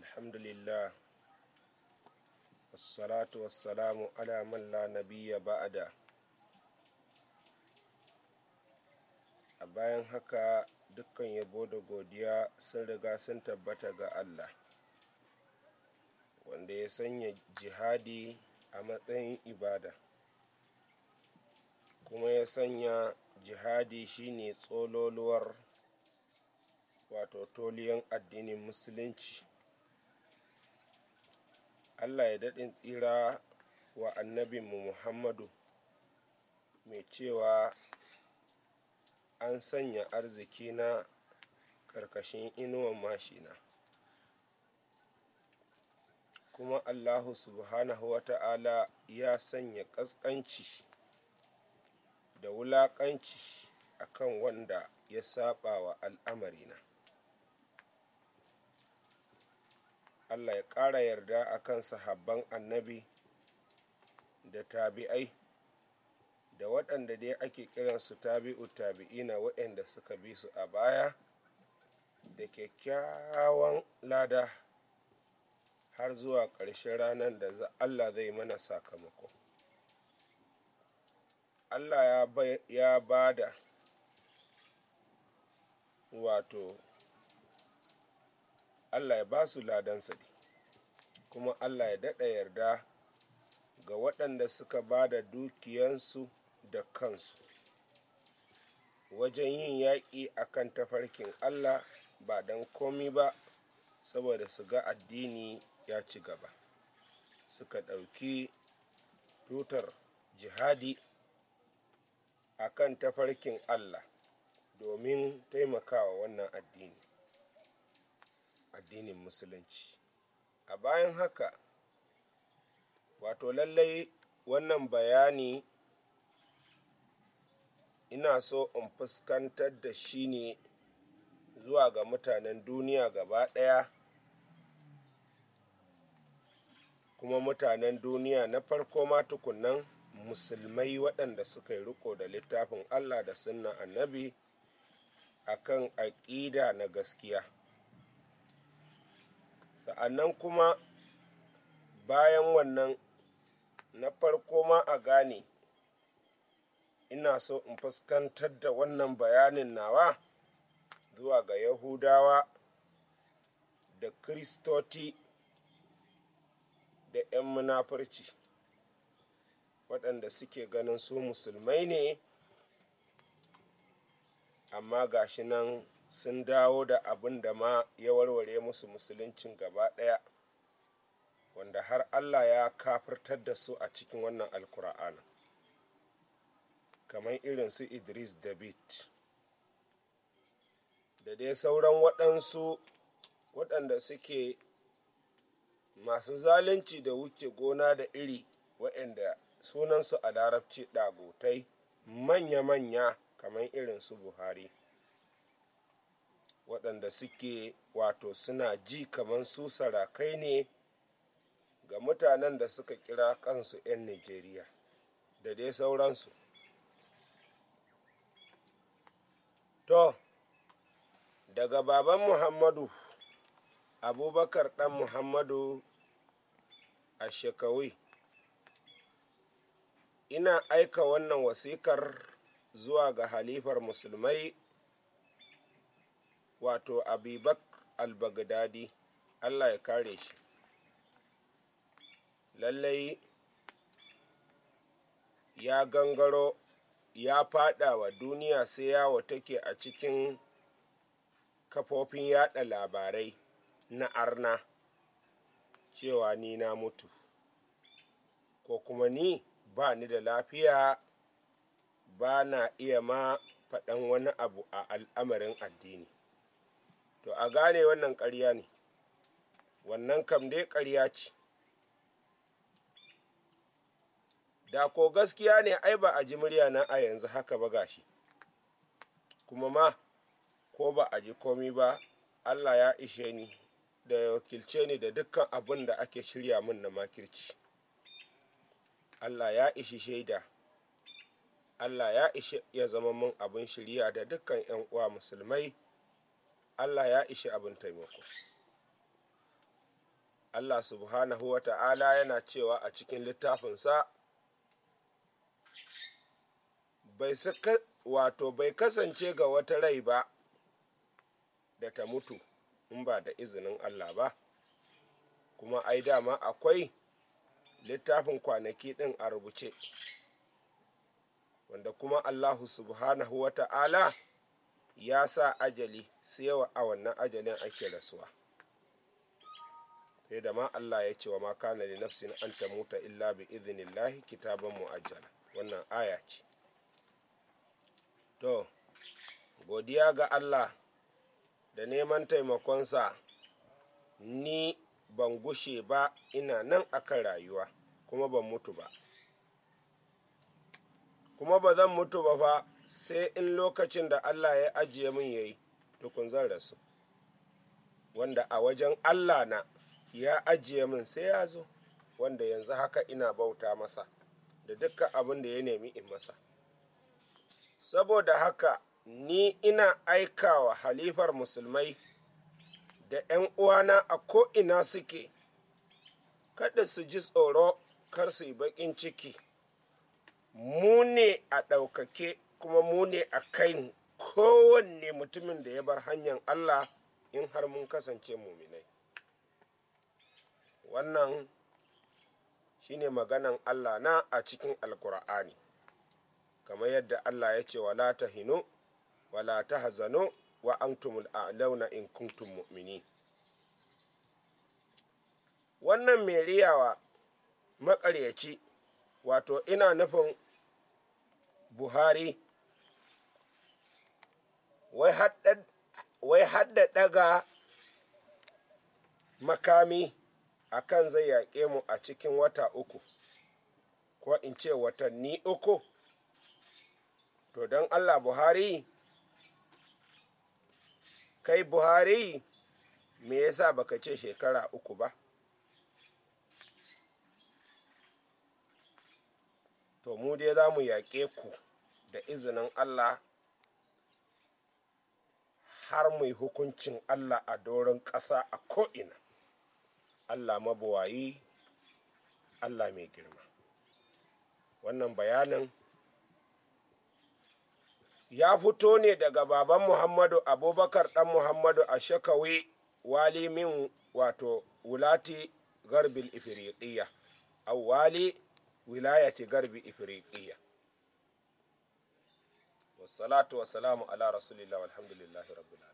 الحمد لله والصلاة والسلام على من لا نبي بعد a bayan haka dukkan yabo da godiya sun riga sun tabbata ga Allah wanda ya sanya jihadi a matsayin ibada kuma ya sanya jihadi shine tsololuwar wato toliyan addinin musulunci Allah ya daɗin tsira wa annabinmu Muhammadu mai cewa an sanya arziki na ƙarƙashin inuwan mashina kuma Allahu subhanahu wa ta'ala ya sanya ƙasƙanci da wulaƙanci akan wanda ya saɓa wa al'amarina. allah ya ƙara yarda a kan sahabban annabi da tabi'ai da waɗanda dai ake kiransu tabi'u tabi'ina waɗanda suka bi su a baya da kyakkyawan lada har zuwa ƙarshen ranar da allah zai mana sakamako allah ya ba da wato allah ya ba su ladansa ne kuma allah ya daɗa yarda ga waɗanda suka ba da dukiyansu da kansu wajen yin yaƙi akan tafarkin allah ba don komi ba saboda su ga addini ya ci gaba suka ɗauki tutar jihadi akan tafarkin allah domin taimakawa wannan addini addinin musulunci a bayan haka wato lallai wannan bayani ina so in fuskantar da shi ne zuwa ga mutanen duniya gaba ɗaya kuma mutanen duniya na farko ma tukunan musulmai waɗanda suka yi riko da littafin allah da sunna annabi akan aƙida na gaskiya nan kuma bayan wannan na farko ma a gane ina so in fuskantar da wannan bayanin nawa zuwa ga yahudawa da kristoti da 'yan munafurci waɗanda suke ganin su musulmai ne amma gashi nan sun dawo da abin da ma ya warware musu musuluncin gaba ɗaya wanda har allah ya kafirtar da su a cikin wannan alkur'ana kamar irin su idris david da dai sauran waɗansu waɗanda suke masu zalunci da wuce gona da iri waɗanda sunansu a larabci ɗagotai manya-manya kamar irin su buhari waɗanda suke wato suna ji kamar su sarakai ne ga mutanen da suka kira kansu 'yan Nijeriya da dai sauransu. To, daga baban Muhammadu, Abubakar ɗan Muhammadu a shekawai, ina aika wannan wasikar zuwa ga halifar musulmai wato abibak albagdadi allah ya kare shi lallai ya gangaro ya fada wa duniya sai yawo take a cikin kafofin yada labarai na arna cewa ni na mutu ko kuma ni ba ni da lafiya ba na iya ma faɗan wani abu a al'amarin addini to a gane wannan ƙarya ne wannan kam dai ƙarya ce da ko gaskiya ne ai ba a ji murya nan a yanzu haka ba gashi kuma ma ko ba a ji komi ba allah ya ishe ni da ya wakilce ni da dukkan abin da ake shirya min na makirci allah ya ishe shaida allah ya ishe ya zama min abin shirya da dukkan 'yan uwa musulmai Allah ya ishi abin taimako Allah subhanahu wa ta'ala yana cewa a cikin littafinsa bai wato bai kasance ga wata rai ba da ta mutu in ba da izinin Allah ba kuma ai dama akwai littafin kwanaki ɗin a rubuce wanda kuma Allah subhanahu wa ta'ala ya sa ajali su yawa a wannan ajalin ake rasuwa sai da ma Allah ya ce wa ma na li nafsin an muta illa bi idhnillahi kitaban muajjala wannan aya ce to godiya ga Allah da neman taimakonsa ni ban gushe ba ina nan akan rayuwa kuma ban mutu ba kuma ba zan mutu ba fa sai in lokacin da Allah ya ajiye min ya yi tukun zan rasu wanda a wajen Allah na ya ajiye min sai ya zo wanda yanzu haka ina bauta masa da dukkan abin da ya nemi in masa saboda haka ni ina aikawa halifar musulmai da 'yan uwana a ko'ina suke kada su ji tsoro kar su yi baƙin ciki mu ne a ɗaukake kuma mu ne a kan kowanne mutumin da ya bar hanyar Allah in har mun kasance muminai wannan shine maganan Allah na a cikin alkur'ani kamar yadda Allah ya ce wala tahinu wala hazano wa a launa in kuntum mu'mini wannan mai riyawa makaryaci wato ina nufin buhari wai hadda daga makami a kan zai yaƙe mu a cikin wata uku ko in ce watanni uku to don allah buhari kai buhari me yasa baka ce shekara uku ba to mu dai za mu yaƙe ku da izinin allah har mai hukuncin allah a doron ƙasa a ko'ina allah mabuwayi allah mai girma wannan bayanin ya fito ne daga baban muhammadu abubakar ɗan muhammadu a shakawe wali min wato wulati garbil ifiriqiyya awwali wilayati garbi ifiriqiyya wassalatu wasalamu ala rasulillah walhamdulillahi rabbil